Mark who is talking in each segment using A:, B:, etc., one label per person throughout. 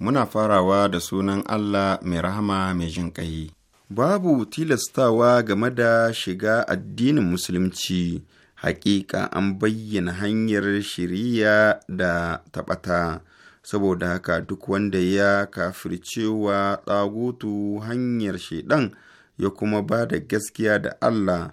A: Muna farawa da sunan Allah mai rahama mai jin ƙai. Babu tilastawa game da shiga addinin Musulunci, hakika an bayyana hanyar shiriya da taɓata, saboda haka duk wanda ya kafircewa ɗagutu hanyar shaidan ya kuma ba da gaskiya da Allah.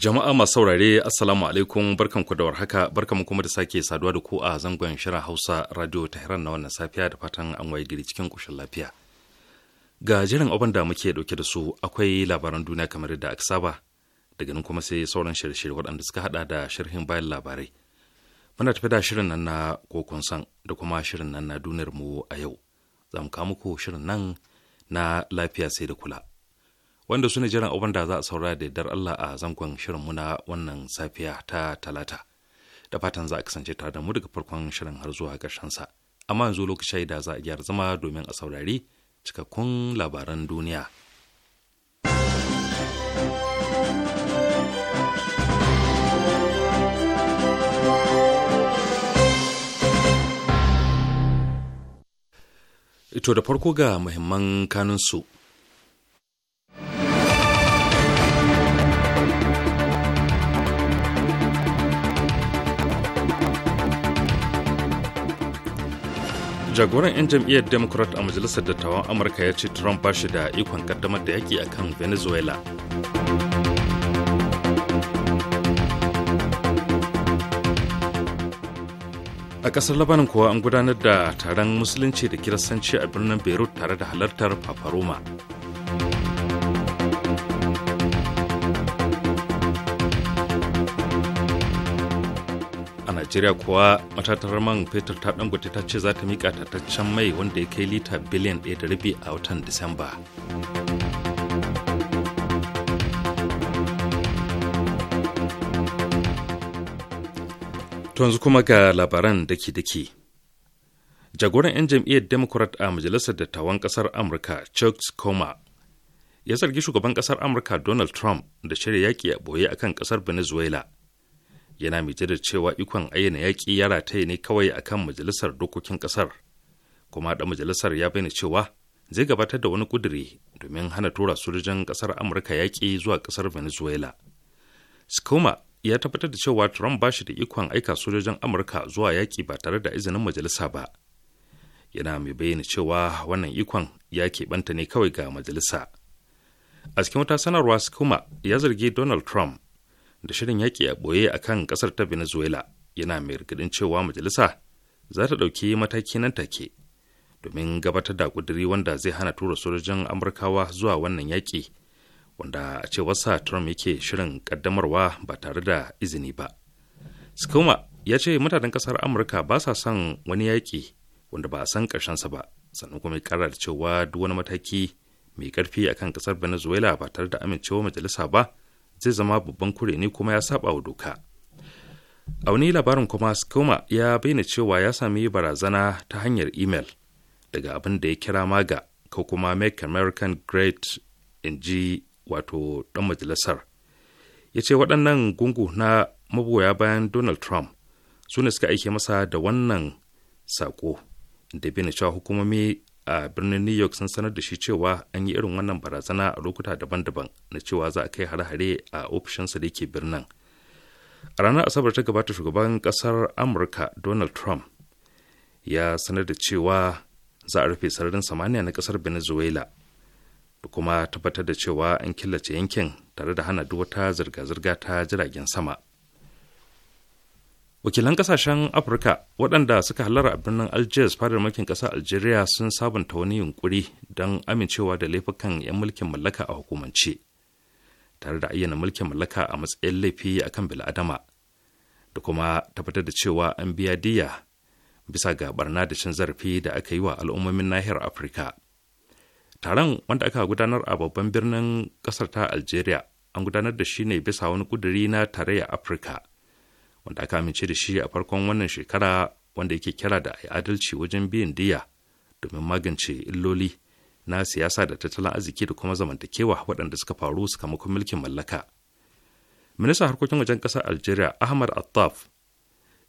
B: Jama'a masu saurare Assalamu alaikum barkanku da warhaka barkanku kuma da sake saduwa da ku a zangon shirin Hausa Radio Tehran na wannan safiya da fatan an waye gari cikin kushin lafiya. Ga jirin abin da muke dauke da su akwai labaran duniya kamar da aka saba daga nan kuma sai sauran shirye-shirye waɗanda suka hada da sharhin bayan labarai. Muna tafi da shirin nan na kokon san da kuma shirin nan na duniyar mu a yau. Za mu kawo muku shirin nan na lafiya sai da kula wanda su ne jiran abin da za a saura da dar Allah a zangon shirin muna wannan safiya ta talata. Da fatan za a kasance tare da mu daga farkon shirin har zuwa sa Amma yanzu lokaci da za a gyara zama domin a saurari cikakkun labaran duniya. Ito da farko ga muhimman kanunsu. jagoran 'yan jam'iyyar democrat a majalisar dattawan amurka ya ce trump ba shi da ikon kaddamar da yaƙi akan venezuela a kasar labanin kuwa an gudanar da taron musulunci da kiristanci a birnin beirut tare da halartar paparoma najeriya kuwa matatar man fetur ta dangote ta ce za ta mika tataccen mai wanda ya kai lita biliyan ɗaya da rabi a watan disamba yanzu kuma ga labaran daki-daki jagoran 'yan jam'iyyar democrat a majalisar dattawan kasar amurka chuck coma ya zargi shugaban kasar amurka donald trump da shirya yaƙi a boye akan kasar venezuela yana mai da cewa ikon ayyana yaƙi ya rataye ne kawai a kan majalisar dokokin ƙasar kuma da majalisar ya bayyana cewa zai gabatar da wani ƙuduri domin hana tura sojojin ƙasar amurka yaƙi zuwa ƙasar venezuela skoma ya tabbatar da cewa trump ba shi da ikon aika sojojin amurka zuwa yaƙi ba tare da izinin majalisa ba yana mai bayyana cewa wannan ikon ya keɓanta ne kawai ga majalisa a cikin wata sanarwa skoma ya zargi donald trump da shirin yaƙi a ɓoye a kan ƙasar ta venezuela yana mai rikidin cewa majalisa za ta ɗauki mataki nan take domin gabatar da ƙuduri wanda zai hana tura sojojin amurkawa zuwa wannan yaƙi wanda a cewarsa trump yake shirin ƙaddamarwa ba tare da izini ba skuma ya ce mutanen ƙasar amurka ba sa son wani yaƙi wanda ba a san ƙarshensa ba sannan kuma ya ƙara da cewa duk wani mataki mai ƙarfi akan ƙasar venezuela ba tare da amincewa majalisa ba zai zama babban kure ne kuma ya saba wa doka a wani labarin kuma skoma ya bayyana cewa ya sami barazana ta hanyar imel daga abin da ya kira maga ko kuma make american great in ji wato dan majalisar ya ce waɗannan gungu na maboya bayan donald trump su ne suka aike masa da wannan saƙo da bayyana cewa hukumomi a birnin new york sun sanar da shi cewa an yi irin wannan barazana a lokuta daban-daban na cewa za a kai hare-hare a ofishinsa da yake birnin a ranar asabar ta gabata shugaban kasar amurka donald trump ya sanar da cewa za a rufe sararin samaniya na kasar venezuela da kuma tabbatar da cewa an killace yankin tare da hana duk wata zirga-zirga ta jiragen sama wakilan kasashen afirka waɗanda suka halara a birnin algiers fadar mulkin ƙasar algeria sun sabunta wani yunkuri don amincewa da laifukan 'yan mulkin mallaka a hukumance tare da ayyana mulkin mallaka a matsayin laifi a kan bil'adama da kuma tabbatar da cewa an biya diya bisa ga barna da cin zarafi da aka yi wa al'ummomin nahiyar afirka taron wanda aka gudanar a babban birnin ƙasar ta algeria an gudanar da shi ne bisa wani ƙuduri na tarayyar afirka wanda aka amince da shi a farkon wannan shekara wanda yake kira da adalci wajen biyan diya domin magance illoli na siyasa da tattalin arziki da kuma zamantakewa waɗanda suka faru sakamakon mulkin mallaka. Ministan harkokin wajen ƙasar Algeria Ahmad Attaf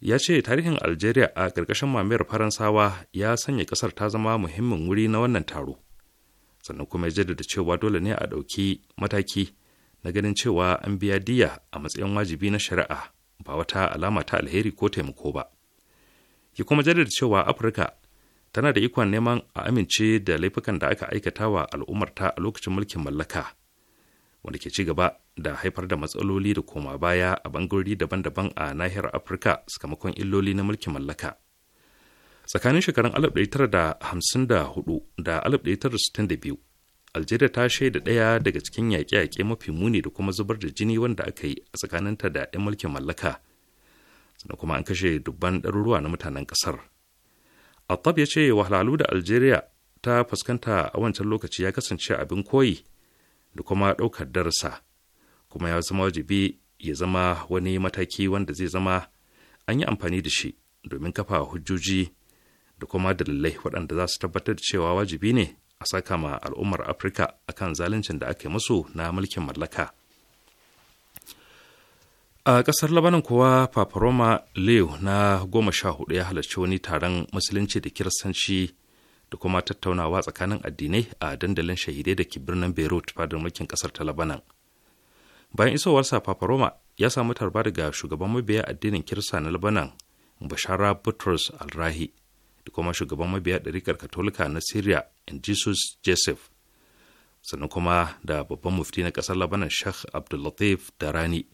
B: ya ce tarihin Algeria a ƙarƙashin mamayar Faransawa ya sanya ƙasar ta zama muhimmin wuri na wannan taro. Sannan kuma ya jaddada cewa dole ne a ɗauki mataki na ganin cewa an biya diya a matsayin wajibi na shari'a ba wata alama ta alheri ko taimako ba ya kuma jaddada cewa afirka tana da ikon neman a amince da laifukan da aka aikata wa al'ummarta a lokacin mulkin mallaka wanda ke ci gaba da haifar da matsaloli da koma baya a bangarori daban-daban a nahiyar afirka sakamakon illoli na mulkin mallaka tsakanin shekarun 1954 da 1962 algeria ta shaida ɗaya daga cikin yaƙe-yaƙe mafi muni da kuma zubar da jini wanda aka yi a tsakaninta da 'yan mulkin mallaka sannan kuma an kashe dubban ɗaruruwa na mutanen ƙasar attab ya ce wahalhalu da algeria ta fuskanta a wancan lokaci ya kasance abin koyi da kuma ɗaukar darasa kuma ya zama wajibi ya zama wani mataki wanda zai zama an yi amfani da shi domin kafa hujjoji da kuma dalilai waɗanda za su tabbatar da cewa wajibi ne a saka ma al'ummar afirka a kan zaluncin da aka musu na mulkin mallaka a ƙasar labanan kuwa paparoma leo na goma sha hudu ya halarci wani taron musulunci da kiristanci da kuma tattaunawa tsakanin addinai a dandalin shahidai da ke birnin beirut fadar mulkin ƙasar ta labanan bayan isowarsa paparoma ya samu tarba daga shugaban mabiya addinin kirista na labanan bashara butrus alrahi da kuma shugaban mabiya ɗarikar katolika na syria in jesus joseph sannan kuma da babban mufti na ƙasar labanan sheikh abdullatif darani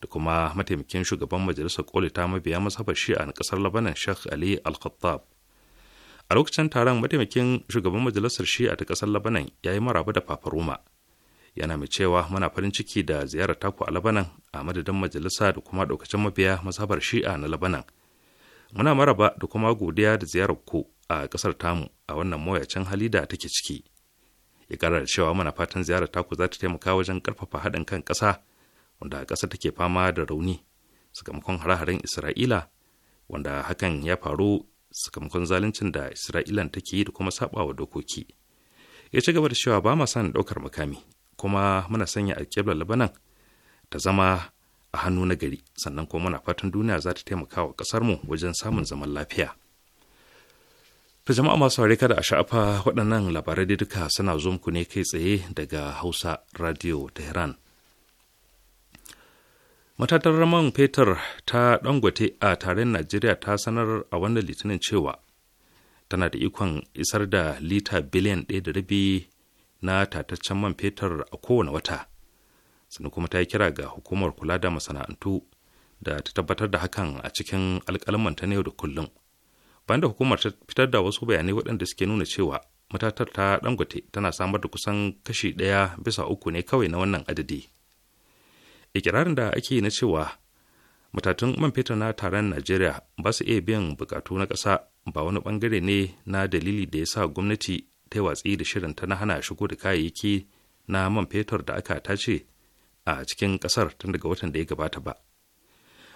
B: da kuma mataimakin shugaban majalisar kolita mabiya masabar shi'a na ƙasar labanan sheikh ali al-khattab a lokacin taron mataimakin shugaban majalisar shi'a ta ƙasar labanan ya yi maraba da fafaroma yana mai cewa muna farin ciki da ziyarar taku a labanan a madadin majalisa da kuma ɗaukacin mabiya masabar shi'a na labanan muna maraba da kuma godiya da ziyarar ku a ƙasar tamu a wannan mawuyacin hali da take ciki ya ƙara da cewa muna fatan ziyarar taku za ta taimaka wajen ƙarfafa haɗin kan ƙasa wanda ƙasa take fama da rauni sakamakon hare-haren isra'ila wanda hakan ya faru sakamakon zaluncin da isra'ilan take yi da kuma saba wa dokoki ya ci gaba da cewa ba ma son ɗaukar mukami kuma muna sanya alƙiblar labanan ta zama a hannu na gari sannan kuma muna fatan duniya za ta taimaka wa ƙasarmu wajen samun zaman lafiya. ta jama'a masu saurare kada a sha'afa waɗannan labarai da duka suna zo muku ne kai tsaye daga Hausa Radio Tehran. Matatar fetur ta dangote a taron Najeriya ta sanar a wannan litinin cewa tana da ikon isar da lita biliyan ɗaya da rabi na tataccen man fetur a kowane wata sannan kuma ta yi kira ga hukumar kula da masana'antu da ta tabbatar da hakan a cikin alƙalmanta ta yau da kullum bayan da hukumar ta fitar da wasu bayanai waɗanda suke nuna cewa matatar ta dangote tana samar da kusan kashi ɗaya bisa uku ne kawai na wannan adadi ikirarin da ake na cewa matatun man fetur na taron najeriya ba su iya biyan bukatu na ƙasa ba wani bangare ne na dalili da ya sa gwamnati ta yi watsi da shirin ta na hana shigo da kayayyaki na man fetur da aka tace a cikin ƙasar tun daga watan da ya gabata ba.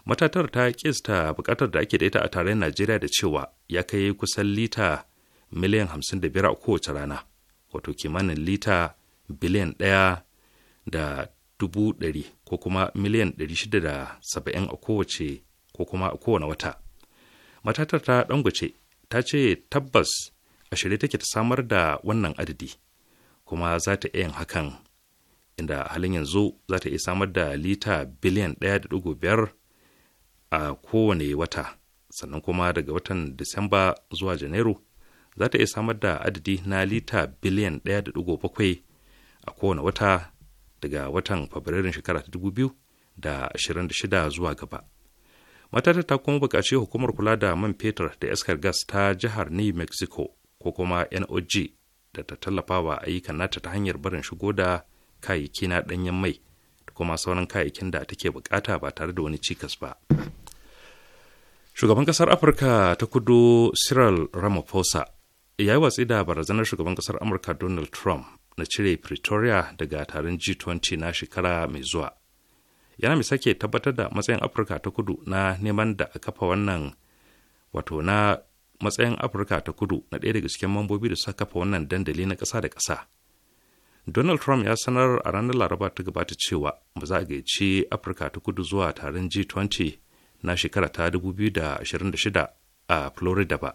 B: Matatar ta kista bukatar da ake da ita a tarayyar Najeriya da cewa ya kai kusan lita miliyan hamsin da biyar a kowace rana, wato kimanin lita biliyan ɗaya da dubu ɗari ko kuma miliyan ɗari shida da saba'in a kowace ko kuma a kowane wata. Matatar ta ɗangwace ta ce tabbas a shirye take ta samar da wannan adadi kuma za ta iya yin hakan inda halin yanzu za ta iya samar da lita biliyan 1.5 a kowane wata sannan kuma daga watan disamba zuwa janairu za ta iya samar da adadi na lita biliyan 1.7 a kowane wata daga watan fabrairun shekara ta 2026 zuwa gaba matata ta kuma buƙaci hukumar kula da man fetur da iskar gas ta jihar new mexico ko kuma nog da ta tallafa wa ayyukan nata ta hanyar barin shigo da kayayyaki na ɗanyen mai da kuma sauran kayayyakin da take bukata ba tare da wani cikas ba shugaban kasar afirka ta kudu cyril ramaphosa ya yi watsi da barazanar shugaban kasar amurka donald trump na cire pretoria daga taron g20 na shekara mai zuwa yana mai sake tabbatar da matsayin afirka ta kudu na neman da a kafa wannan wato na matsayin afirka ta kudu na ɗaya daga cikin mambobi da suka kafa wannan dandali na ƙasa da ƙasa Donald Trump ya sanar a ranar Laraba ta gabata cewa ba za a gaici Afirka ta kudu zuwa taron G20 na shekara ta 2026 a Florida ba.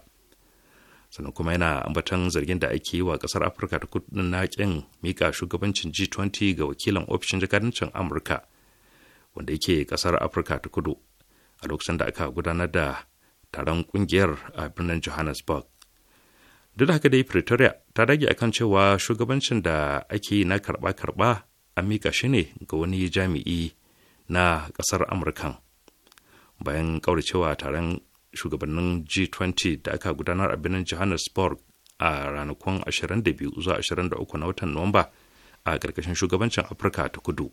B: Sannan kuma yana ambatan zargin da ake yi wa kasar Afirka ta kudu na ƙin mika shugabancin G20 ga wakilan ofishin jakadancin Amurka wanda yake kasar Afirka ta kudu a lokacin da aka gudanar da taron kungiyar a birnin Johannesburg. duk da haka dai pretoria ta dage akan cewa shugabancin da ake na karba-karba an mika shi ne ga wani jami'i na ƙasar amurkan bayan cewa taron shugabannin g20 da aka gudanar a birnin johannesburg a ranakun 22 zuwa 23 na watan nuwamba a ƙarƙashin shugabancin afirka ta kudu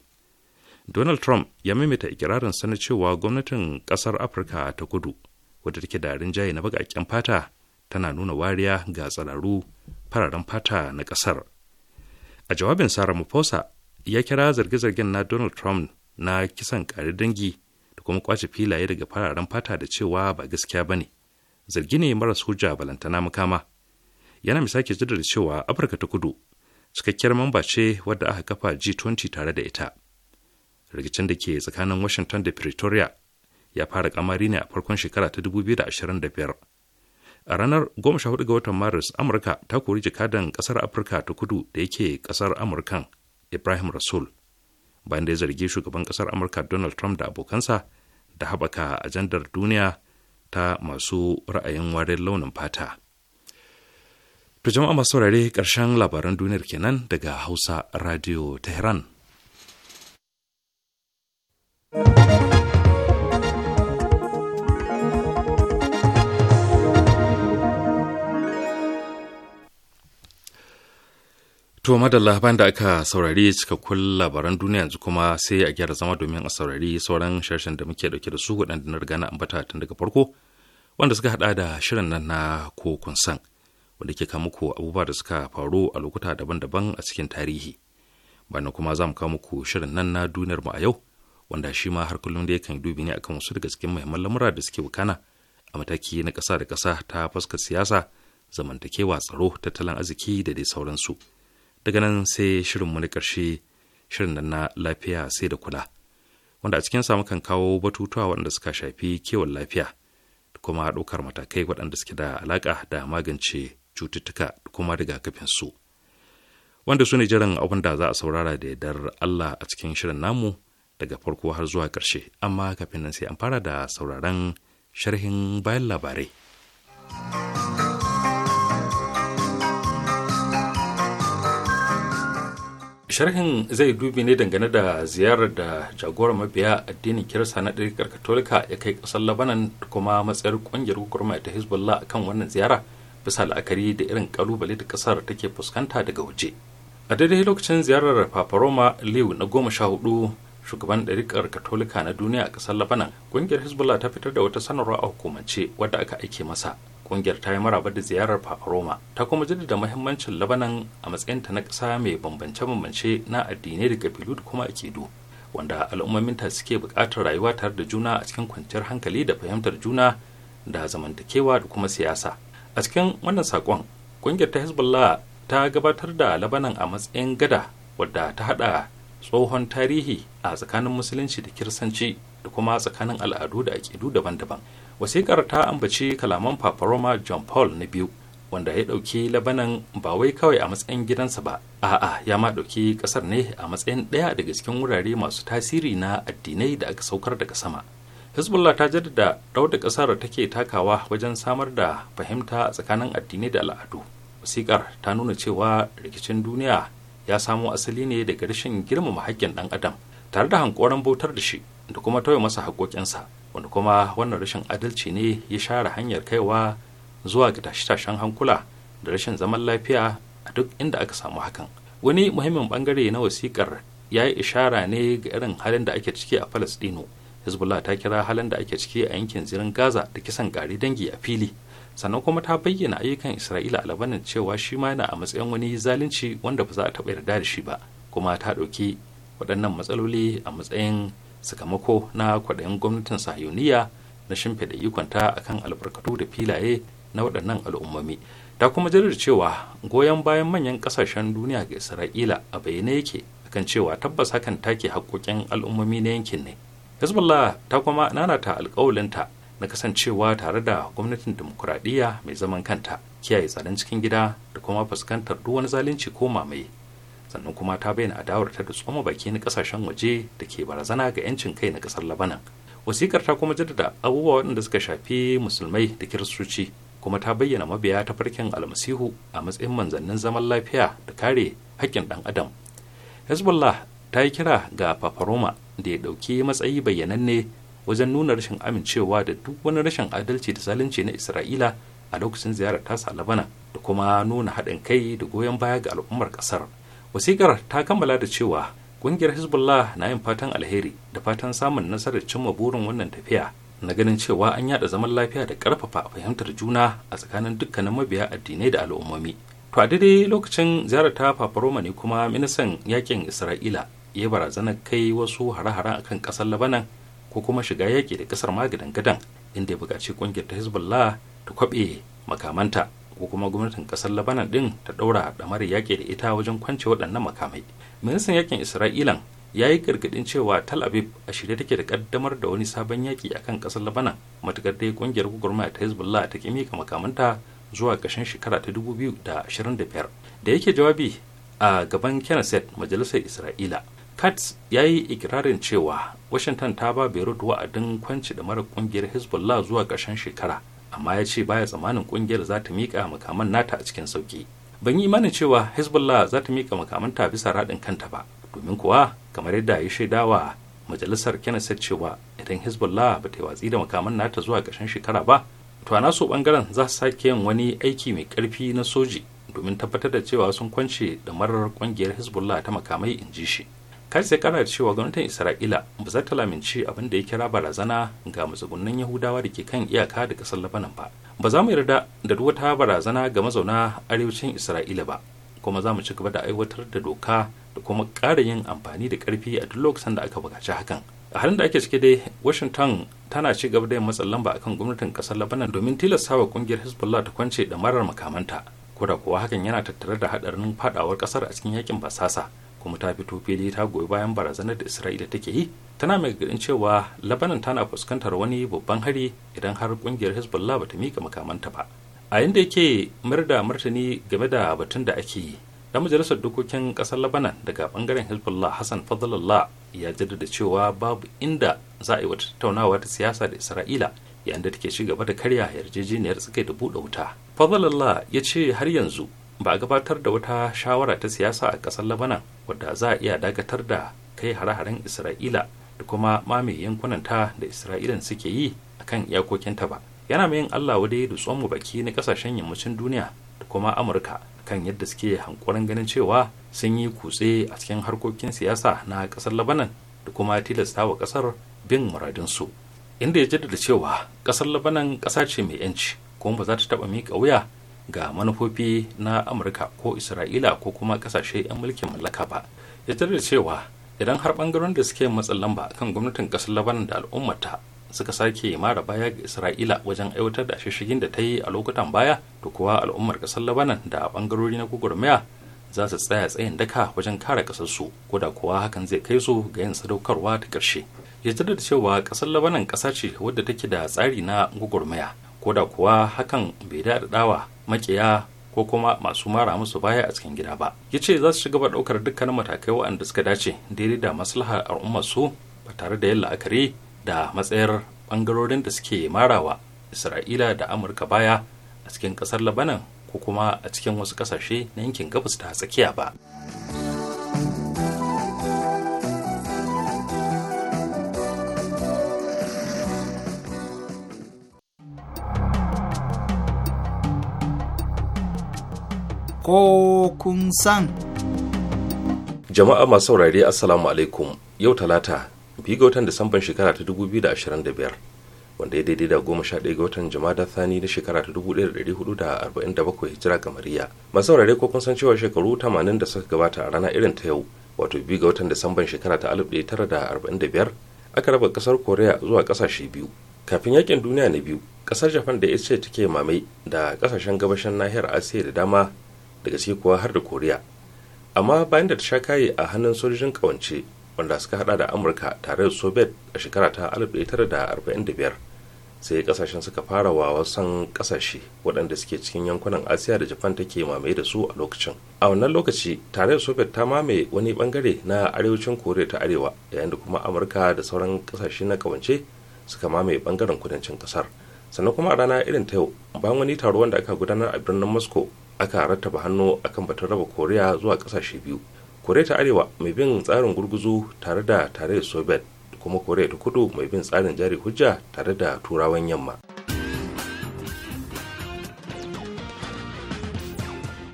B: donald trump ya maimaita ikirarin sana cewa gwamnatin ƙasar afirka ta kudu wadda take da rinjaye na bagaƙen fata tana nuna wariya ga tsararru fararen fata na ƙasar. A jawabin Sara Mufosa ya kira zarge-zargen na Donald Trump na kisan ƙari dangi da kuma kwace filaye daga fararen fata da cewa ba gaskiya ba ne. Zargi ne mara soja balantana mukama Yana misake da cewa Afirka ta kudu cikakkiyar mamba ce wadda aka kafa G20 tare da ita. Rikicin da ke tsakanin Washington da Pretoria ya fara kamari ne a farkon shekara ta 2025. a ranar 14 ga watan maris amurka ta kori jakadan kasar afirka ta kudu da yake kasar amurkan ibrahim rasul bayan da ya zargi shugaban kasar amurka donald trump da abokansa da haɓaka ajandar duniya ta masu ra'ayin warin launin fata to jama'a masu saurare ƙarshen labaran duniyar kenan daga hausa radio tehran thank you To madalla bayan da aka saurari cikakkun labaran duniya yanzu kuma sai a gyara zama domin a saurari sauran sharshen da muke dauke da su waɗanda na riga na ambata tun daga farko wanda suka haɗa da shirin nan na kun san wanda ke kawo muku abubuwa da suka faru a lokuta daban-daban a cikin tarihi. Bayan kuma za mu kawo muku shirin nan na duniyar mu a yau wanda shi ma har kullum da yakan dubi ne akan wasu daga cikin muhimman lamura da suke wakana a mataki na ƙasa da ƙasa ta fuskar siyasa zamantakewa tsaro tattalin arziki da dai sauransu. daga nan sai shirinmu na ƙarshe shirin da na lafiya sai da kula wanda a cikin samu kan kawo batutuwa waɗanda suka shafi kewan lafiya da kuma ɗaukar matakai waɗanda suke da alaƙa da magance cututtuka da kuma rigakafin su wanda su ne jiran abin da za a saurara da yardar Allah a cikin shirin namu daga farko har zuwa ƙarshe amma kafin nan sai an fara da sauraron sharhin bayan labarai. sharhin zai dubi ne dangane da ziyarar da jagorar mabiya addinin kirista na ɗarikar katolika ya kai ƙasar labanan da kuma matsayar ƙungiyar hukumar ta hezbollah kan wannan ziyara bisa la'akari da irin kalubale da ƙasar take fuskanta daga waje a daidai lokacin ziyarar paparoma liu na goma sha hudu shugaban ɗarikar katolika na duniya a ƙasar labanan ƙungiyar hezbollah ta fitar da wata sanarwa a hukumance wadda aka aike masa kungiyar ta yi maraba da ziyarar papa roma ta kuma jaddada mahimmancin labanan a matsayinta na ƙasa mai bambance-bambance na addinai da kabilu da kuma akidu wanda ta suke buƙatar rayuwa tare da juna a cikin kwanciyar hankali da fahimtar juna da zamantakewa da kuma siyasa a cikin wannan saƙon ƙungiyar ta hezbollah ta gabatar da labanan a matsayin gada wadda ta haɗa tsohon tarihi a tsakanin musulunci da kirsanci da kuma tsakanin al'adu da aƙidu daban-daban wasiƙar ta ambaci kalaman Roma john paul na biyu wanda ya ɗauki labanan ba wai kawai a matsayin gidansa ba a'a ya ma ɗauki ƙasar ne a matsayin ɗaya daga cikin wurare masu tasiri na addinai da aka saukar daga sama hezbollah ta jaddada da ƙasar take takawa wajen samar da fahimta tsakanin addinai da al'adu wasiƙar ta nuna cewa rikicin duniya ya samo asali ne daga rashin girmama haƙƙin ɗan adam tare da hankoran bautar da shi da kuma tauye masa haƙoƙinsa wanda kuma wannan rashin adalci ne ya share hanyar kaiwa zuwa ga tashe-tashen hankula da rashin zaman lafiya a duk inda aka samu hakan wani muhimmin bangare na wasikar ya yi ishara ne ga irin halin da ake ciki a falasɗinu hezbollah ta kira halin da ake ciki a yankin zirin gaza da kisan gari dangi a fili sannan kuma ta bayyana ayyukan isra'ila a labanin cewa shi ma yana a matsayin wani zalunci wanda ba za a taɓa yarda da shi ba kuma ta ɗauki waɗannan matsaloli a matsayin sakamako na kwaɗayin gwamnatin sahiyoniya na shimfiɗa ikonta a kan albarkatu da filaye na waɗannan al'ummomi ta kuma jaddada cewa goyon bayan manyan ƙasashen duniya ga isra'ila a bayyane yake akan cewa tabbas hakan take haƙƙoƙin al'ummomi na yankin ne hezbollah ta kuma nanata alƙawalinta na kasancewa tare da gwamnatin demokuraɗiyya mai zaman kanta kiyaye tsaron cikin gida da kuma fuskantar duk wani zalunci ko mamaye sannan kuma ta bayyana adawar ta da tsoma baki na kasashen waje da ke barazana ga 'yancin kai na kasar labanan wasikar ta kuma jaddada abubuwa waɗanda suka shafi musulmai da kiristoci kuma ta bayyana mabiya ta farkin almasihu a matsayin manzannin zaman lafiya da kare haƙƙin ɗan adam hezbollah ta yi kira ga fafaroma da ya ɗauki matsayi bayyananne wajen nuna rashin amincewa da duk wani rashin adalci da zalunci na isra'ila a lokacin ziyarar tasa labana da kuma nuna haɗin kai da goyon baya ga al'ummar ƙasar wasikar ta kammala da cewa ƙungiyar hezbollah na yin fatan alheri da fatan samun nasarar cimma burin wannan tafiya na ganin cewa an yada zaman lafiya da ƙarfafa fahimtar juna a tsakanin dukkanin mabiya addinai da al'ummomi to a daidai lokacin ziyarar ta fafaroma ne kuma ministan yakin isra'ila ya barazana kai wasu hare-haren akan ƙasar labanan ko kuma shiga yaƙi da ƙasar magadan gadan inda ya buƙaci ƙungiyar ta hezbollah ta kwaɓe makamanta ko kuma gwamnatin ƙasar labanan ɗin ta ɗaura ɗamar yaƙi da ita wajen kwance waɗannan makamai ministan yaƙin isra'ila ya yi gargaɗin cewa tal aviv a shirye take da ƙaddamar da wani sabon yaƙi akan ƙasar labanan matuƙar dai ƙungiyar gwagwarmaya ta hezbollah ta ƙi mika makamanta zuwa ƙarshen shekara ta 2025 da yake jawabi a gaban kenneth majalisar isra'ila kat ya yi ikirarin cewa washington ta ba beirut wa'adin kwanci da mara kungiyar hezbollah zuwa ƙarshen shekara amma ya ce baya tsammanin kungiyar za ta miƙa makaman nata a cikin sauki ban yi imanin cewa hezbollah za ta miƙa makamanta bisa raɗin kanta ba domin kuwa kamar yadda ya shaida wa majalisar kenneth cewa idan hezbollah ba ta yi watsi da makaman nata zuwa ƙarshen shekara ba to a naso bangaren za su sake yin wani aiki mai ƙarfi na soji domin tabbatar da cewa sun kwance da marar kungiyar hezbollah ta makamai in ji shi kar sai kara da cewa gwamnatin isra'ila ba za ta lamince abin da ya kira barazana ga matsugunan yahudawa da ke kan iyaka da kasar labanan ba ba za mu yarda da duk wata barazana ga mazauna arewacin isra'ila ba kuma za mu ci gaba da aiwatar da doka da kuma ƙara yin amfani da ƙarfi a duk lokacin da aka buƙaci hakan a halin da ake cike dai washington tana ci gaba da yin matsin lamba akan gwamnatin kasar labanan domin tilastawa kungiyar hezbollah ta kwance da marar makamanta ko da kuwa hakan yana tattare da haɗarin fadawar kasar a cikin yakin basasa kuma ta fito fili ta goyi bayan barazanar da isra'ila take yi tana mai gadin cewa labanan tana fuskantar wani babban hari idan har kungiyar hezbollah bata mika makamanta ba a yadda yake mayar da martani game da batun da ake yi dan majalisar dokokin kasar labanan daga bangaren hezbollah hassan fadlallah ya jaddada cewa babu inda za a yi wata tattaunawa ta siyasa da isra'ila yayin da take ci gaba da karya yarjejeniyar tsakai da buɗe wuta fadlallah ya ce har yanzu ba a gabatar da wata shawara ta siyasa a ƙasar labanan wadda za a iya dakatar da kai hare-haren isra'ila da kuma mamaye yankunanta da isra'ilan suke yi a kan iyakokinta ba yana mai yin allah wadai da tsohon baki na ƙasashen yammacin duniya da kuma amurka kan yadda suke hankoran ganin cewa sun yi kutse a cikin harkokin siyasa na ƙasar labanan da kuma tilasta wa ƙasar bin muradinsu inda ya jaddada cewa ƙasar labanan ƙasa ce mai yanci kuma ba za ta taɓa miƙa wuya ga manufofi na amurka ko isra'ila ko kuma kasashe 'yan mulkin mallaka ba ya da cewa idan har bangaren da suke matsin lamba kan gwamnatin kasar labanan da al'ummata suka sake mara baya ga isra'ila wajen aiwatar da shishigin da ta yi a lokutan baya to kuwa al'ummar kasar labanan da bangarori na gugurmaya za su tsaya tsayin daka wajen kare kasarsu ko da kuwa hakan zai kai su ga yin sadaukarwa ta ƙarshe ya da cewa kasar labanan ƙasa ce wadda take da tsari na gugurmaya ko da kuwa hakan bai da dawa Maƙiya ko kuma masu mara musu baya a cikin gida ba ya ce za su ci gaba ɗaukar dukkanin matakai waɗanda suka dace daidai da maslahar al'ummar su ba tare da yin la'akari da matsayar ɓangarorin da suke marawa isra'ila da amurka baya a cikin ƙasar labanan ko kuma a cikin wasu ƙasashe na yankin gabas ta tsakiya ba.
C: ko kun san.
B: Jama'a masu saurari Assalamu alaikum yau talata biyu ga watan Disamban shekara ta 2025 wanda ya daidai da goma sha ga watan jama'a thani na shekara ta 1447 hijira Mariya. Masu saurari ko kun san cewa shekaru 80 da suka gabata a rana irin ta yau wato biyu ga watan Disamban shekara ta 1945 aka raba kasar Koriya zuwa kasashe biyu. Kafin yakin duniya na biyu, kasar Japan da ita ce take mamai da kasashen gabashin nahiyar Asiya da dama daga ciki kuwa har da koriya amma bayan da ta sha kayi a hannun sojojin kawance wanda suka hada da amurka tare da soviet a shekara ta 1945 sai kasashen suka fara wa wasan kasashe waɗanda suke cikin yankunan asiya da japan take mamaye da su a lokacin a wannan lokaci tare da soviet ta mamaye wani bangare na arewacin koriya ta arewa yayin da kuma amurka da sauran kasashe na kawance suka mamaye bangaren kudancin kasar sannan kuma a rana irin ta yau bayan wani taro wanda aka gudanar a birnin moscow aka rattaba hannu akan batun raba koriya zuwa kasashe biyu koriya ta arewa mai bin tsarin gurguzu tare da tarayyar soviet kuma koriya ta kudu mai bin tsarin jari hujja tare da turawan yamma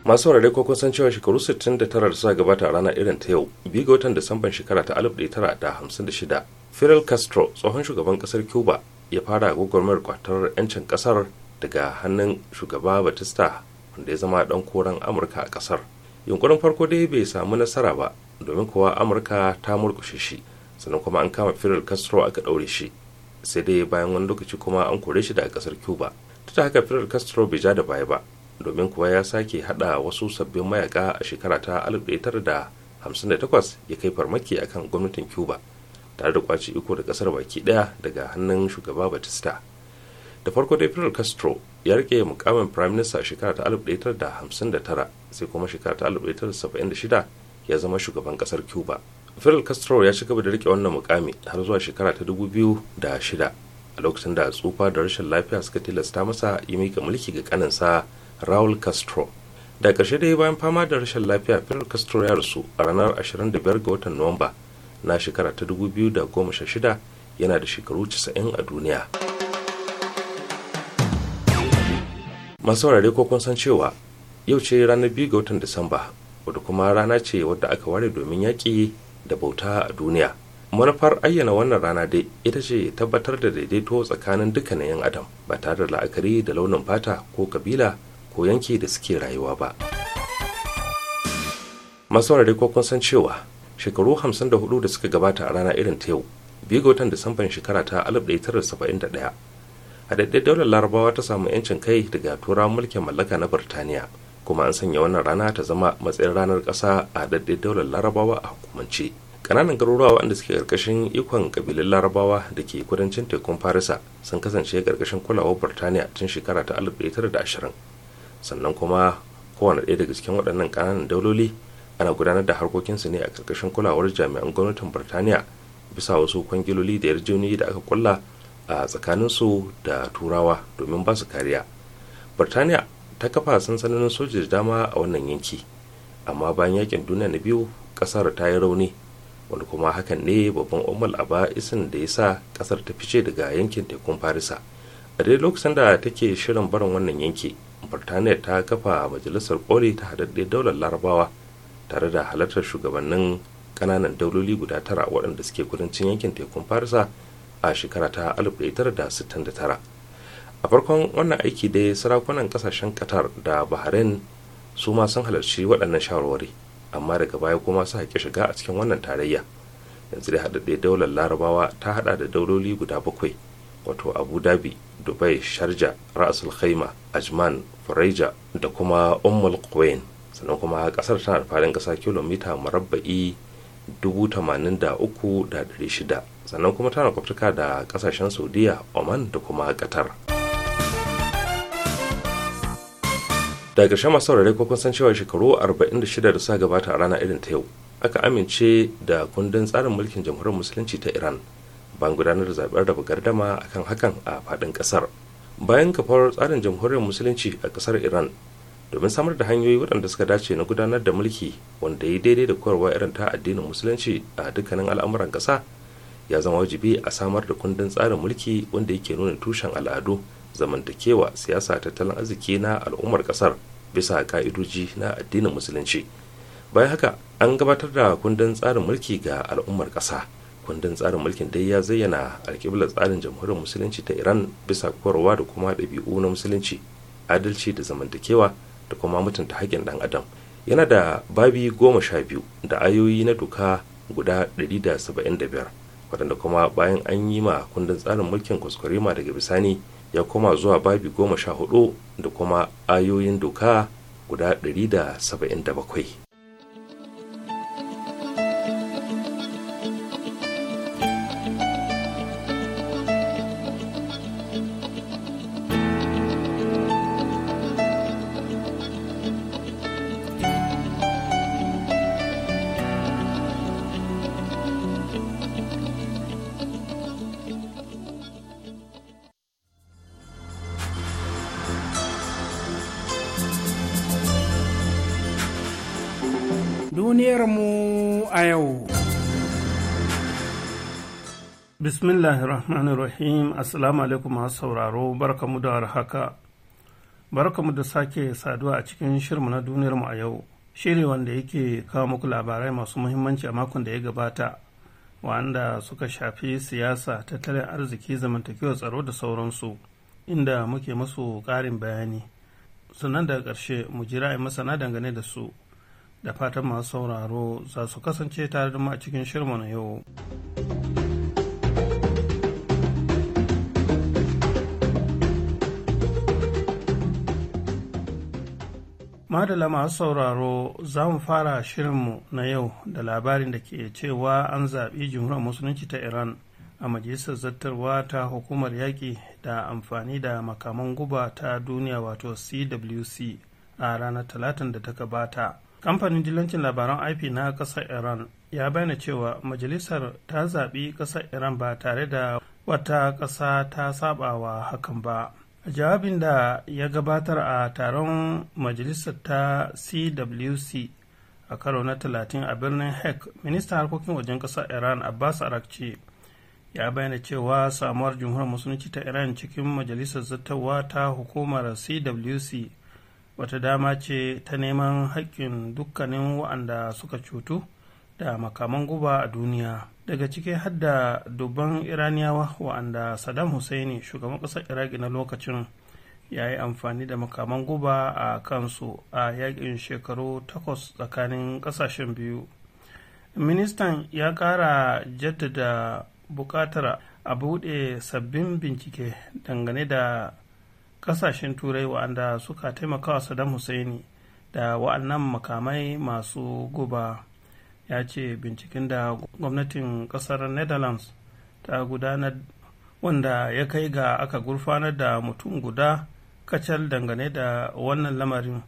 B: masu saurare ko kun san cewa shekaru 69 da suka gabata a rana irin ta yau biyu ga watan disamban shekara ta 1956 fidel castro tsohon shugaban kasar cuba ya fara gwagwarmayar kwatar 'yancin kasar daga hannun shugaba batista wanda ya zama dan koren amurka a kasar yunkurin farko dai bai samu nasara ba domin kuwa amurka ta murkushe shi sannan kuma an kama fidel castro aka daure shi sai dai bayan wani lokaci kuma an kore shi daga kasar cuba ta haka fidel castro bai ja da baya ba domin kuwa ya sake hada wasu sabbin mayaka a shekara ta alif da da 1958 ya kai farmaki akan gwamnatin cuba tare da kwaci iko da kasar baki daya daga hannun shugaba batista da farko dai fidel castro ya rike mukamin prime minister a shekara ta 1959 sai kuma shekara ta 1976 ya zama shugaban kasar cuba fidel castro ya ci gaba da rike wannan mukami har zuwa shekara ta 2006 a lokacin da tsufa da rashin lafiya suka tilasta masa yi mika mulki ga kaninsa raul castro da karshe dai bayan fama da rashin lafiya fidel castro ya rasu a ranar 25 ga watan nuwamba na shekara ta 2016 yana da shekaru 90 a duniya. masu saurare ko kun san cewa yau ce ranar biyu ga watan disamba wadda kuma rana ce wadda aka ware domin yaƙi da bauta a duniya manufar ayyana wannan rana dai ita ce tabbatar da daidaito tsakanin dukkanin 'yan adam ba tare da la'akari da launin fata ko kabila ko yanki da suke rayuwa ba masu saurare ko kun san cewa shekaru 54 da suka gabata a rana irin ta yau biyu ga watan disamban shekara ta 1971 a daidai daular larabawa ta samu 'yancin kai daga turawan mulkin mallaka na birtaniya kuma an sanya wannan rana ta zama matsayin ranar kasa a daidai daular larabawa a hukumance ƙananan garuruwa waɗanda suke karkashin ikon ƙabilun larabawa da ke kudancin tekun farisa sun kasance karkashin kulawar birtaniya tun shekara ta alif da ashirin. sannan kuma kowane ɗaya daga cikin waɗannan kananan dauloli ana gudanar da harkokinsu ne a karkashin kulawar jami'an gwamnatin birtaniya bisa wasu kwangiloli da yarjejeniyoyi da aka kulla a tsakaninsu da turawa domin ba su kariya birtaniya ta kafa sansanonin soja da dama a wannan yanki amma bayan yakin duniya na biyu kasar ta yi rauni wani kuma hakan ne babban umar aba isin da ya sa kasar ta fice daga yankin tekun farisa a dai lokacin da take shirin barin wannan yanki birtaniya ta kafa majalisar koli ta haɗaɗɗe daular larabawa tare da halartar shugabannin ƙananan dauloli guda tara waɗanda suke kudancin yankin tekun farisa a shekara ta 1969 a farkon wannan aiki dai sarakunan kasashen katar da bahrain su ma sun halarci waɗannan shawarwari amma daga baya kuma su haƙi shiga a cikin wannan tarayya yanzu dai haɗaɗɗe daular larabawa ta haɗa da dauloli guda bakwai wato abu dhabi dubai sharja ra'asul khaima ajman faraija da kuma ummul quwain sannan kuma kasar tana da faɗin ƙasa kilomita marabba'i 83,600 sannan kuma tana kwaftuka da kasashen saudiya oman da kuma qatar daga ƙarshen masu saurare ko kun san cewa shekaru 46 da suka gabata a rana irin ta yau aka amince da kundin tsarin mulkin jamhuriyar musulunci ta iran ban gudanar da zaɓen raba gardama akan hakan a faɗin ƙasar bayan kafar tsarin jamhuriyar musulunci a ƙasar iran domin samar da hanyoyi waɗanda suka dace na gudanar da mulki wanda ya daidai da koyarwa irin ta addinin musulunci a dukkanin al'amuran ƙasa ya zama wajibi a samar da kundin tsarin mulki wanda yake nuna tushen al'adu zamantakewa siyasa tattalin arziki na al'ummar kasar bisa ka'idoji na addinin musulunci bayan haka an gabatar da kundin tsarin mulki ga al'ummar kasa kundin tsarin mulkin dai ya zayyana alƙiblar tsarin jamhuriyar musulunci ta iran bisa korowa da kuma ɗabi'u na musulunci adalci da zamantakewa da kuma mutunta haƙƙin ɗan adam yana da babi goma sha biyu da ayoyi na doka guda 175 waɗanda kuma bayan an yi ma kundin tsarin mulkin kuskurema daga bisani ya koma zuwa babi goma sha hudu da kuma ayoyin doka guda 177
C: duniyarmu a yau. Bismillahir Rahmanir Rahim, Assalamu alaikum masu sauraro, barkamu da haka. Barkamu da sake saduwa a cikin shirmu na duniyarmu a yau, shiri wanda yake kawo muku labarai masu muhimmanci a makon da ya gabata, wanda suka shafi siyasa, tattalin arziki, zamantakewa tsaro da sauransu, inda muke masu ƙarin bayani. sannan daga ƙarshe mu jira masana dangane da su da fatan masu sauraro za su kasance tare da mu a cikin shirma na yau. Madala masu sauraro za mu fara shirinmu na yau da labarin da ke cewa an zaɓi jimuran musulunci ta Iran a majalisar zartarwa ta hukumar yaƙi da amfani da makaman guba ta duniya wato CWC a ranar talatin da ta gabata. kamfanin dilancin labaran ip na ƙasar iran ya bayyana cewa majalisar ta zaɓi ƙasar iran ba tare da wata ƙasa ta sabawa hakan ba a jawabin da ya gabatar a taron majalisar ta cwc a karo na 30 a birnin hec ministan harkokin wajen ƙasar iran abbas arakci ya bayyana cewa samuwar jamhuriyar musulunci ta iran cikin majalisar zattawa ta hukumar cwc wata dama ce ta neman haƙƙin dukkanin wa'anda suka cutu da makaman guba a duniya daga ciki hadda dubban iraniyawa wa'anda saddam hussein shugaban ƙasar iraki na lokacin ya yi amfani da makaman guba a kansu a yaƙin shekaru takwas tsakanin ƙasashen biyu ministan ya ƙara jaddada buƙatar a buɗe sabbin bincike dangane da kasashen turai wa'anda suka taimakawa saddam hussein da wa'annan makamai masu guba ya ce binciken da gwamnatin kasar netherlands ta gudanar wanda ya kai ga aka gurfanar da mutum guda kacal dangane da wannan lamarin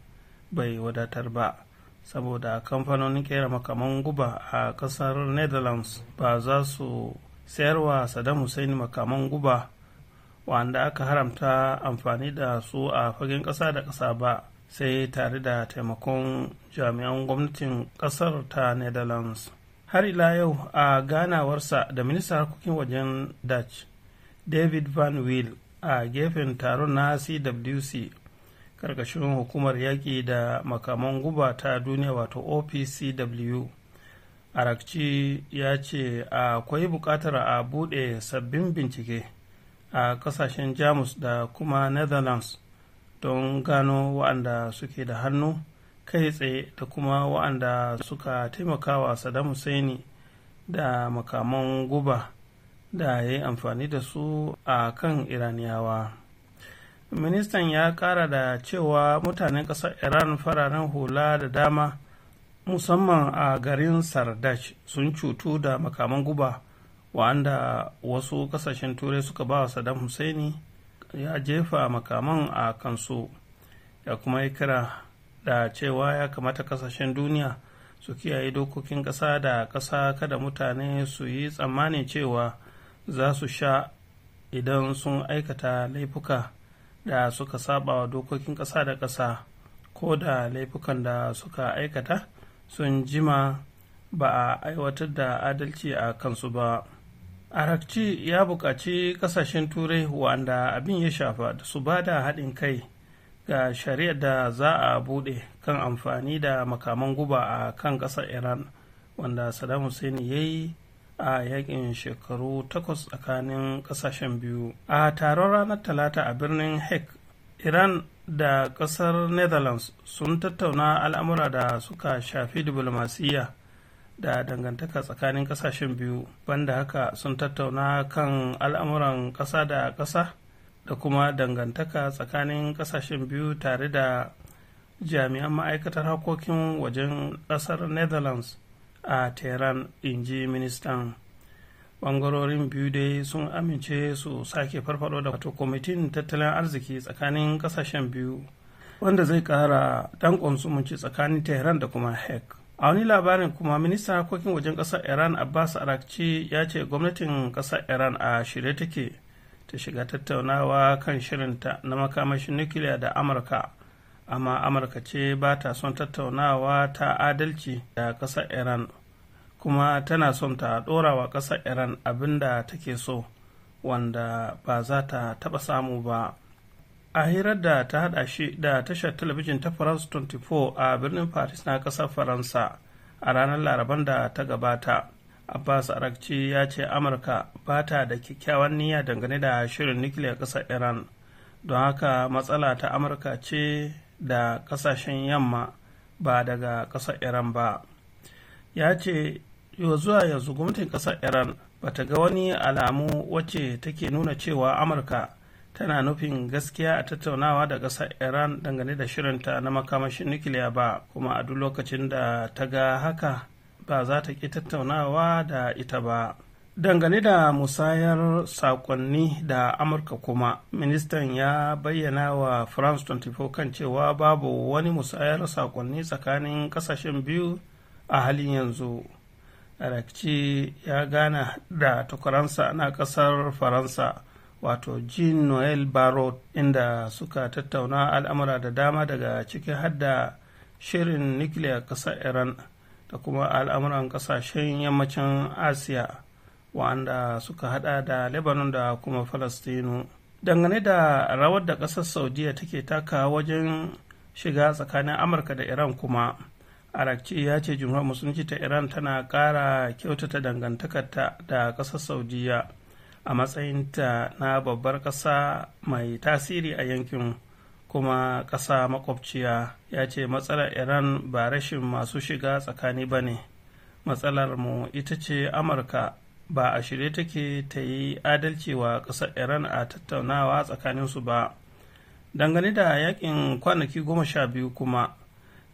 C: bai wadatar ba saboda kamfanonin kera makaman guba a kasar netherlands ba za su sayarwa saddam hussein makaman guba wanda aka haramta amfani da su a fagen ƙasa da ƙasa ba sai tare da taimakon jami'an gwamnatin ƙasar ta netherlands har ila yau a ganawarsa da minista harkokin wajen dutch david van will a gefen taron na cwc karkashin hukumar yaƙi da makaman guba ta duniya wato opcw arakci ya ce akwai buƙatar a buɗe sabbin bincike a kasashen jamus da kuma netherlands don gano wa'anda suke da hannu kai tsaye da kuma wa'anda suka taimaka wa saddam da makaman guba da ya yi amfani da su a kan iraniyawa ministan ya kara da cewa mutanen ƙasar iran fararen hula da dama musamman a garin sardash sun cutu da makaman guba wanda wasu kasashen turai suka ba wa saddam husaini ya jefa makaman a kansu ya kuma yi kira da cewa ya kamata kasashen duniya su kiyaye dokokin ƙasa da ƙasa kada mutane su yi tsammanin cewa za su sha idan sun aikata laifuka da suka saba wa dokokin ƙasa da ƙasa ko da laifukan da suka aikata sun jima ba a aiwatar da adalci a kansu ba. arakci ya buƙaci ƙasashen turai wanda abin ya shafa da su ba da haɗin kai ga shari'ar da za a buɗe kan amfani da makaman guba a kan ƙasar iran wanda saddam hussein ya yi a yakin shekaru takwas tsakanin ƙasashen biyu a taron ranar talata a birnin hek iran da ƙasar netherlands sun tattauna al'amura da suka shafi diplomasiyya da dangantaka tsakanin kasashen biyu banda haka sun tattauna kan al'amuran ƙasa da ƙasa da kuma dangantaka tsakanin kasashen biyu tare da jami'an ma'aikatar harkokin wajen ƙasar netherlands a tehran inji ministan bangarorin biyu dai sun amince su sake farfado da wato kwamitin tattalin arziki tsakanin kasashen biyu wanda zai kara danƙon sumunci tsakanin tehran da kuma hek a wani labarin kuma minista harkokin wajen ƙasar iran abbas arakci ya ce gwamnatin ƙasar iran a shirye take ta shiga tattaunawa kan shirinta na makamashin nukiliya da amurka amma amurka ce ba ta son tattaunawa ta adalci da ƙasar iran kuma tana son ta ɗora wa ƙasar iran abin da take so wanda ba za ta taɓa samu ba a hirar da ta hada shi da tashar talabijin ta france 24 a birnin paris na kasar faransa a ranar laraban da ta gabata abbas arakci ya ce amurka ba ta da kyakkyawan niyya dangane da shirin nukiliyar kasar iran don haka matsala ta amurka ce da kasashen yamma ba daga kasar iran ba ya ce zuwa yanzu gwamnatin kasar iran ba ta ga wani alamu wacce take nuna cewa amurka tana nufin gaskiya a tattaunawa da ƙasar iran dangane da shirinta na makamashin nukiliya ba kuma a duk lokacin da ta ga haka ba za ta ƙi tattaunawa da ita ba dangane da musayar saƙonni da amurka kuma ministan ya bayyana wa france 24 kan cewa babu wani musayar sakonni tsakanin ƙasashen biyu a halin yanzu arakci ya gana da tukuransa na ƙasar faransa wato jean noel barrot inda suka tattauna al'amura da dama daga cikin hadda shirin nuclear ƙasar iran da kuma al'amuran ƙasashen yammacin asiya wa'anda suka hada da lebanon da kuma falastinu dangane da rawar da ƙasar saudiya take taka wajen shiga tsakanin amurka da iran kuma arakci ya ce jumhuriyar musulunci ta iran tana ƙara kyautata dangantakarta da ƙasar saudiya a matsayinta na babbar ƙasa mai tasiri a yankin kuma ƙasa makwabciya ya ce matsalar iran ba rashin masu shiga tsakani ba ne matsalar mu ita ce amurka ba a shirye take ta yi adalci wa ƙasar iran a tattaunawa tsakaninsu ba dangane da yakin kwanaki goma sha biyu kuma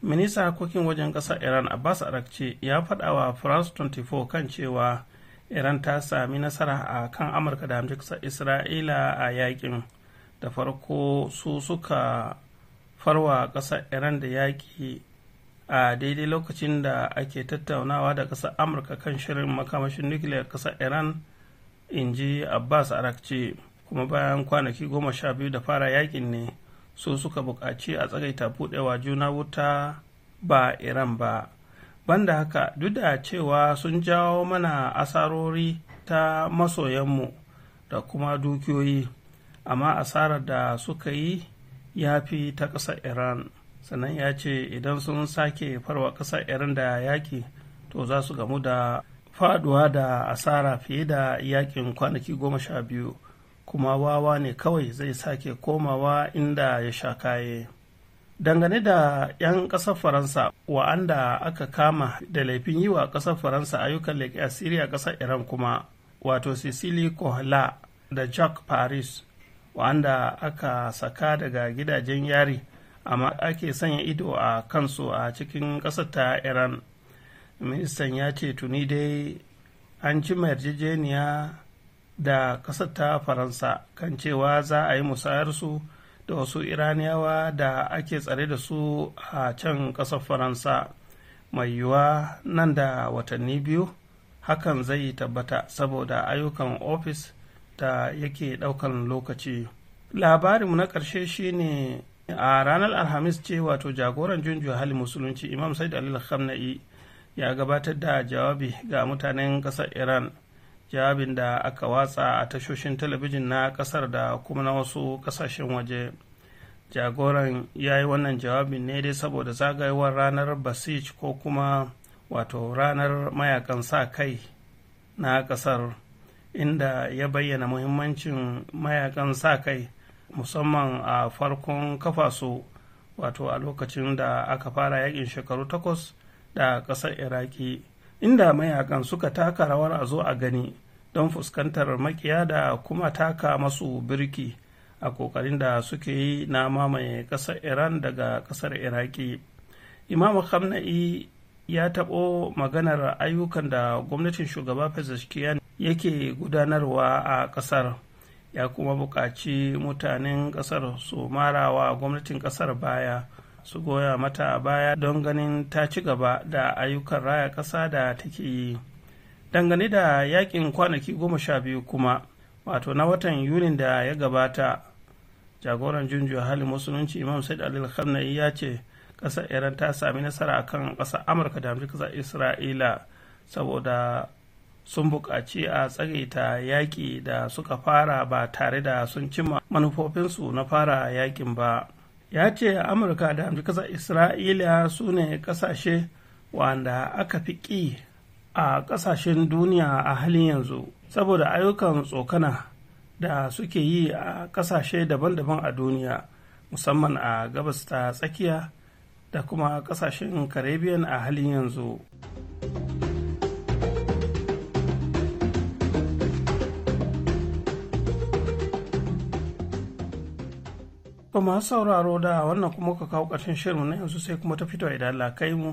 C: minista harkokin wajen ƙasar iran abbas arakci ya faɗa wa france 24 kan cewa iran ta sami nasara a kan amurka da hamjiksa isra'ila a yakin da farko su suka farwa ƙasar iran da yaƙi a daidai lokacin da ake tattaunawa da ƙasar amurka kan shirin makamashin nukiliyar ƙasar iran in ji abbas arakci kuma bayan kwanaki goma sha biyu da fara yakin ne su suka buƙaci a tsagaita buɗewa juna wuta ba iran ba banda haka duk da cewa sun jawo mana asarori ta masoyanmu da kuma dukiyoyi amma asarar da suka yi ya fi ta ƙasar iran sannan ya ce idan sun sake farwa ƙasar iran da yaƙi to za su gamu da faduwa da asara fiye da yaƙin kwanaki goma sha biyu kuma wawa ne kawai zai sake komawa inda ya sha kaye. dangane da 'yan ƙasar faransa wa'anda aka kama da laifin yi wa ƙasar faransa ayyukan leƙi siriya ƙasar iran kuma wato cecily kohla da jack paris wa'anda aka saka daga gidajen yari amma ake sanya ido a kansu a cikin ƙasar ta iran ministan ya ce tuni dai an ci yarjejeniya da ƙasar ta faransa kan cewa za a yi musayar su da wasu iraniyawa da ake tsare da su a can ƙasar faransa mai yiwuwa nan da watanni biyu hakan zai tabbata saboda ayyukan ofis da yake ɗaukan lokaci labarinmu na ƙarshe shine a ranar alhamis ce wato jagoran junju hali musulunci imam said alil khamna'i ya gabatar da jawabi ga mutanen ƙasar iran jawabin da aka watsa a tashoshin talabijin na kasar da kuma na wasu kasashen waje jagoran ya yi wannan jawabin ne dai saboda zagayewar ranar basij ko kuma wato ranar mayakan sa kai na kasar inda ya bayyana muhimmancin mayakan sa kai musamman a farkon kafa su wato a lokacin da aka fara yakin shekaru takwas da kasar iraki inda mayakan suka taka rawar a zo a gani don fuskantar makiya da kuma taka masu birki a kokarin da suke yi na mamaye ƙasar iran daga ƙasar iraki imam khamna'i ya taɓo maganar ayyukan da gwamnatin shugaba pezeshkian yake gudanarwa a ƙasar ya kuma buƙaci mutanen ƙasar su marawa gwamnatin ƙasar baya su goya mata baya don ganin ta ci gaba da ayyukan raya ƙasa da take yi. dangane da yakin kwanaki goma sha biyu kuma wato na watan yunin da ya gabata jagoran junju halin musulunci imam said alil khamnai ya ce ƙasar iran ta sami nasara kan ƙasar amurka da ƙasar isra'ila saboda sun buƙaci a tsagaita yaƙi da suka fara ba tare da sun cimma manufofinsu na fara yaƙin ba ya ce amurka da ƙasar isra'ila su ne ƙasashe wanda aka fi ƙi a ƙasashen duniya a halin yanzu saboda ayyukan tsokana da suke yi a ƙasashe daban-daban a duniya musamman a gabas ta tsakiya da kuma ƙasashen caribbean a halin yanzu. ba masu sauraro da wannan kuma ka kawo ƙarshen shirin na yanzu sai kuma ta fito idan Allah kai mu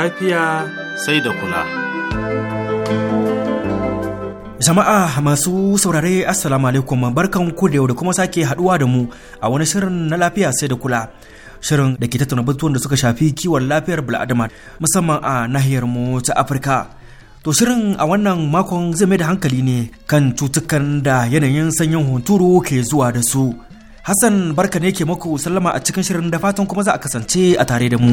C: lafiya sai da kula.
D: Jama'a masu saurare Assalamu alaikum barkan ku da yau da kuma sake haduwa da mu a wani shirin na lafiya sai da kula. Shirin da ke tattauna batun da suka shafi kiwon lafiyar bil'adama musamman a nahiyar mu ta Afirka. To shirin a wannan makon zai mai da hankali ne kan cutukan da yanayin sanyin hunturu ke zuwa da su. Hassan barka ne ke maku sallama a cikin shirin da fatan kuma za a kasance a tare da mu.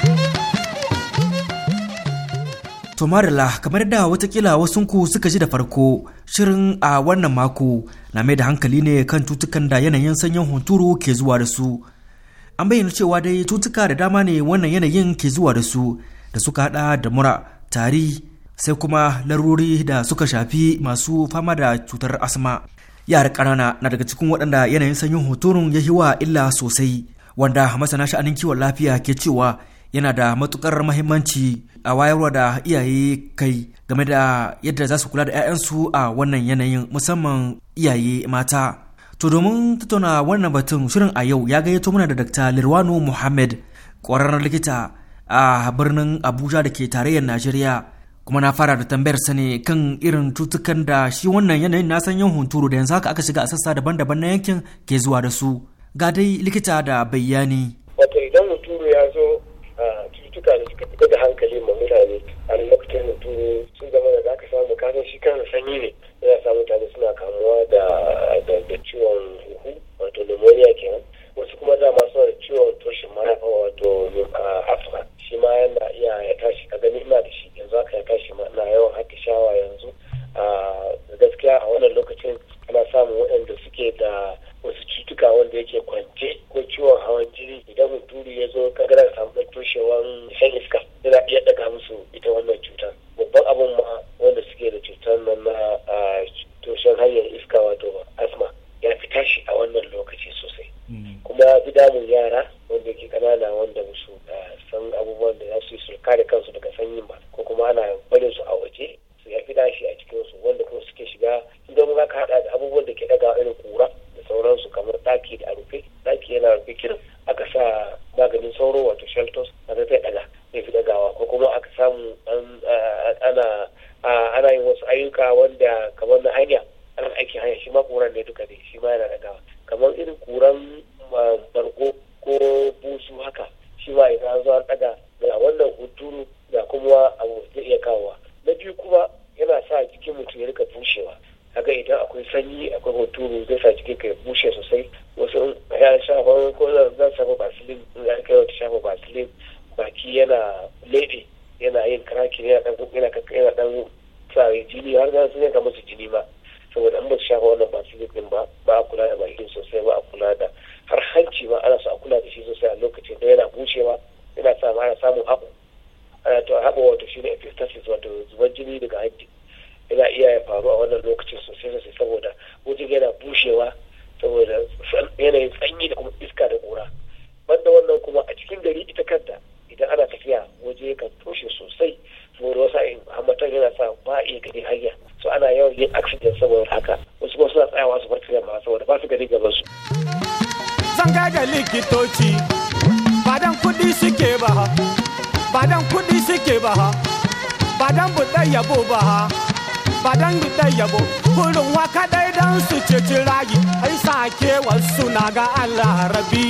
D: To marala kamar da watakila wasunku suka ji da farko, shirin a wannan mako na mai da hankali ne kan tutukan da yanayin sanyin hunturu ke zuwa da su. An bayyana cewa dai tutuka da dama ne wannan yanayin ke zuwa da su da suka hada da mura, tari, sai kuma larurori da suka shafi masu fama da cutar asma. Yara ƙanana na daga cikin waɗanda yanayin sanyin hunturun ya yi wa illa sosai, wanda masana sha'anin kiwon lafiya ke cewa yana da matukar mahimmanci a wayarwa da iyaye kai game da yadda za su kula da 'ya'yansu a wannan yanayin musamman iyaye mata. To domin tattauna wannan batun shirin a yau ya gayyato mana da Dr. Lirwano Muhammad ƙwararren likita a birnin Abuja da ke tarayyar Najeriya. Kuma na fara da tambayar sa ne kan irin cutukan da shi wannan yanayin na san yin hunturu da yanzu haka aka shiga a sassa daban-daban na yankin ke zuwa da su. Ga dai likita da bayani.
E: Wato idan hunturu ya zo daga hankali ma mutane a lokacin hunturu sun zama da za ka samu kasan shi kan sanyi ne yana sa mutane suna kamuwa da ciwon huhu wato pneumonia kenan wasu kuma za masu da ciwon toshin marafa wato afra shi ma yana iya ya tashi ka gani ina da shi yanzu haka ya tashi ma ina yawan haka shawa yanzu a gaskiya a wannan lokacin ana samun waɗanda suke da wasu cutuka wanda yake kwance ko ciwon hawan jini idan muturi ya zo gara samu da toshewan shan iska yana iya daga musu ita wannan cutar babban abun ma wanda suke da cutar nan na toshen hanyar iska wato asma ya fi tashi a wannan lokaci sosai hmm. kuma ya fi damun yara wanda ke kanana wanda musu san abubuwan da za su yi su kare kansu daga sanyin ba ko kuma ana barin su a waje su yafi dashi a cikin wasu wanda kuma suke shiga idan za ka haɗa da abubuwan da ke daga irin kura da sauransu kamar daki da a rufe daki yana rufe kirin aka sa maganin sauro wato shelters a zai daga zai fi dagawa ko kuma aka samu ana ana yin wasu ayyuka wanda kamar na hanya
F: ana aikin hanya shi
E: ma kuran ne duka ne shi ma yana dagawa kamar irin kuran bargo ko busu haka shi ma idan zuwa daga ga wannan hunturu ga kuma abu zai iya kawowa na biyu kuma yana sa jikin mutum ya rika bushewa haka idan akwai sanyi akwai hunturu zai sa jikin ka bushe sosai wasu ya shafa ko zan shafa basilin ya kai wata shafa basilin baki yana lebe yana yin karaki yana dan yana dan sa jini har zan sun yanka musu jini ba saboda an ba su shafa wannan ba
G: yabo ba ba dangi ta yabo burin wa dai dan su ci rayu ai sake wasu na ga Allah rabbi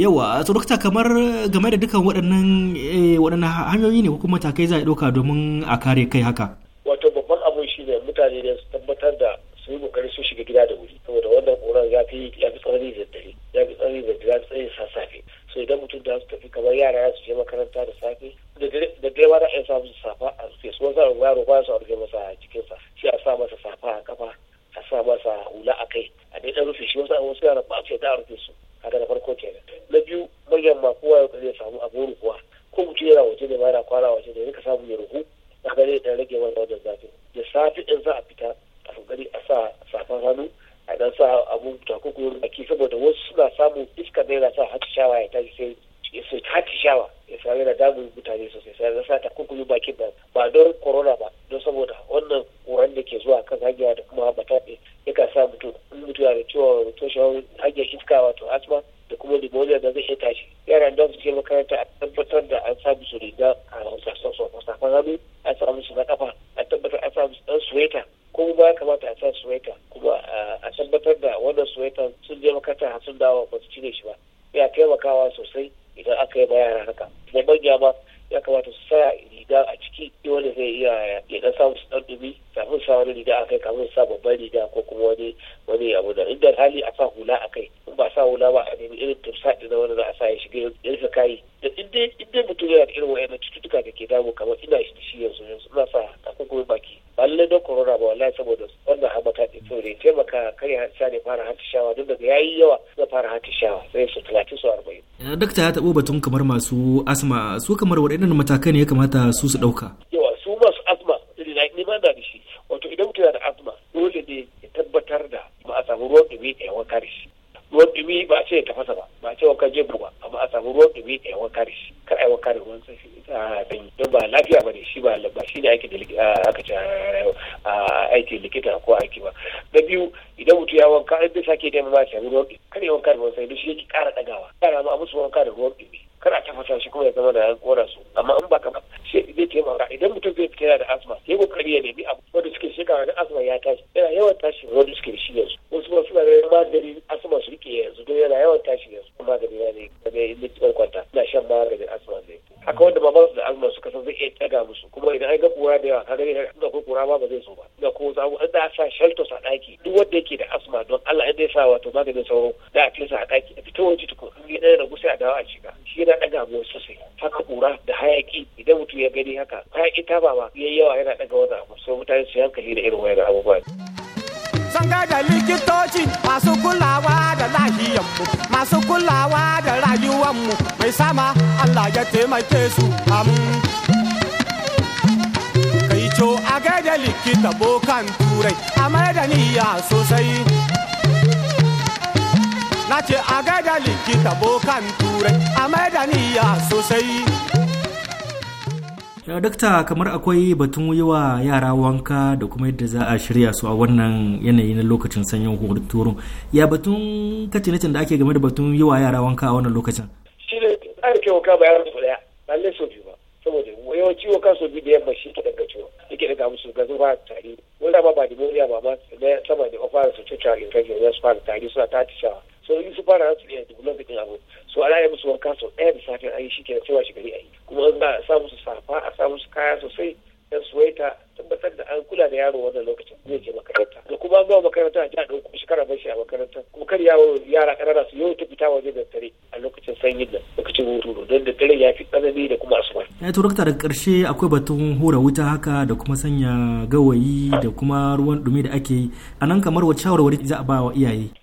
D: yawa dokta kamar game da dukan eh, waɗannan hanyoyi ne ko kuma matakai za a ɗauka domin a kare kai haka
E: ruwan tsaki saboda wasu suna samun iska da sa har shawa ya tashi sai
D: taɓo batun kamar masu asma su kamar waɗannan matakai ne ya kamata su su ɗauka.
E: Yawa su masu asma ne ma na da shi wato idan mutum da asma dole ne ya tabbatar da ba a samu ruwan ɗumi a yawan kare shi. Ruwan ɗumi ba a ce ya tafasa ba ba a ce wanka je buwa amma a samu ruwan ɗumi a yawan kare shi kar a yi wanka da ruwan sanyi don ba lafiya ba ne shi ba shi ne aiki aiki likita ko aiki ba. Na biyu idan mutum ya wanka an bai sake ma ba a samu ruwan su kuma idan ai ga kura da yawa kaga da ko kura ba ba zai so ba da ko za mu da sa shelters a daki duk wanda yake da asma don Allah idan ya sa wato maganin sauro da a kisa a daki a fita waje tukun in ya da sai a dawo a shiga shi yana daga abu sosai haka kura da hayaki idan mutum ya gani haka hayaki ta ba ba yayi yawa yana daga wani abu so mutane su hankali da irin wayar abubuwa
G: sun da likitoci masu kulawa da mu masu kulawa da rayuwar mu mai sama Allah ya taimake su amin a gaida likita bokan turai a mai da niyya sosai na ce a gaida likita bokan turai a mai da niyya sosai
D: Ya dakta kamar akwai batun yi wa yara wanka da kuma yadda za a shirya su a wannan yanayi na lokacin sanyin hurturu ya batun kacinacin da ake game da batun yi wa yara wanka a wannan lokacin
E: shi ne ake wuka bayan su daya lallai sau biyu ba saboda yawanci wanka sau biyu da yamma shi ke daga ciwo suke daga musu ga zuwa tare wanda ba ba moriya ba ma na sama da ofar su cuta kai za su fara tari suna ta tishawa so in su fara su iya dubulan bikin abu so ana yi musu wanka sau ɗaya da safin ayi shi da cewa shi gari ayi kuma in ba a sa musu safa a sa musu kaya sosai dan suwaita tabbatar da an kula da yaro wannan lokacin zai je makaranta da kuma an makaranta a jihar ɗauko shekara bar shi a makaranta kuma kar yawo yara ƙanana su yau ta fita waje da dare a lokacin sanyi da lokacin hunturu don da dare ya fi tsanani da kuma asuba.
D: ya eh, to daga ƙarshe akwai batun hura wuta haka da kuma sanya gawayi da kuma ruwan ɗumi da ake yi a nan kamar wacce shawarwari za a ba wa iyaye.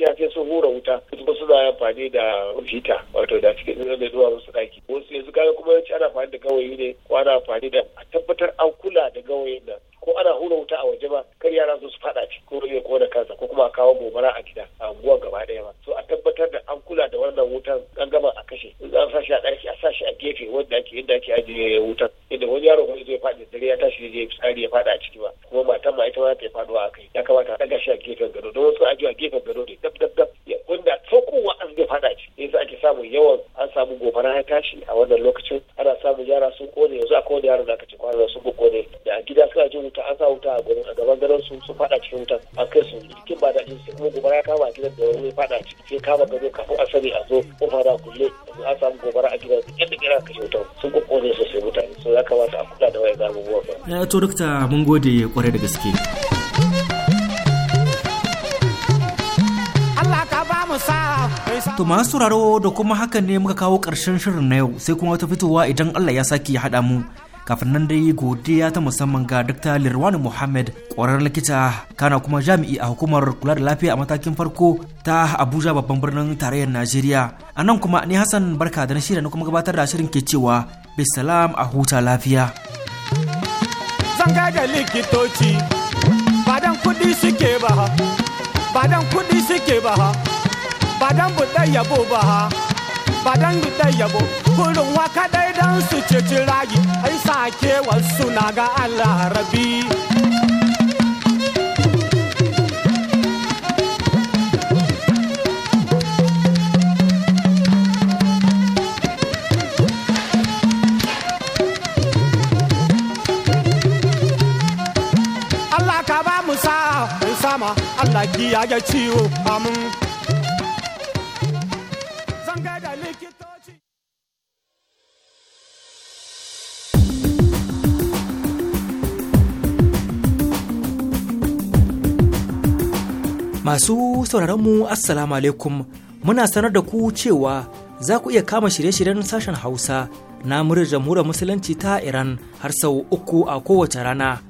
E: gaskiya sai sun hura wuta kuma suna amfani da hita wato da cikin da zuwa wasu daki wasu yanzu kaga kuma yanci ana amfani da gawayi ne ko ana amfani da a tabbatar an kula da gawayin nan ko ana hura wuta a waje ba kar yara su faɗa ci ko rage ko da kansa ko kuma a kawo gobara a gida a unguwa gaba daya ba so a tabbatar da an kula da wannan wutan an gama a kashe in an sashi a ɗaki a sashi a gefe wanda ake inda ake ajiye wutan inda wani yaro kuma zai faɗi dare ya tashi zai fitsari ya faɗa a ciki ba kuma matan ma ita ma ta faduwa a kai ya kamata a daga shi a gefen gado don wasu ajiyar a gefen gado ne dab dab dab wanda sokowa an zai fada ci yanzu ake samun yawan an samu gobara ya tashi a wannan lokacin ana samun yara sun kone yanzu a kowane yaro da aka kwana da sun kone da a gida suna jin wuta an sa wuta a gurin a gaban gadon su sun fada cikin wutan an kai su cikin ba daɗin su kuma gobara ya kama a gidan da wani fada ciki sai kama gado kafin a sani a zo kofa da kulle
D: to dokta mun gode kwarai da gaske To masu sauraro da kuma hakan ne muka kawo ƙarshen shirin na yau sai kuma wata fitowa idan Allah ya sake ya haɗa mu. Kafin nan dai godiya ta musamman ga Dr. Lirwani Muhammad ƙwarar likita kana kuma jami'i a hukumar kula da lafiya a matakin farko ta Abuja babban birnin tarayyar Najeriya. A nan kuma ni Hassan barka da na shirin kuma gabatar da shirin ke cewa bisalam a huta lafiya.
G: sanga da likitoci badan kudi suke ba ha badan kudi suke ba ha badan budan yabo ba ha badan budan yabo kurin waka dai dan su ceci rayi ai sake wasu na ga Allah mu sa sama Allah ciwo amin
D: Masu sauraronmu Assalamu alaikum muna sanar da ku cewa za ku iya kama shirye-shiryen sashen Hausa na muryar jamhuriyar Musulunci ta Iran har sau uku a kowace rana.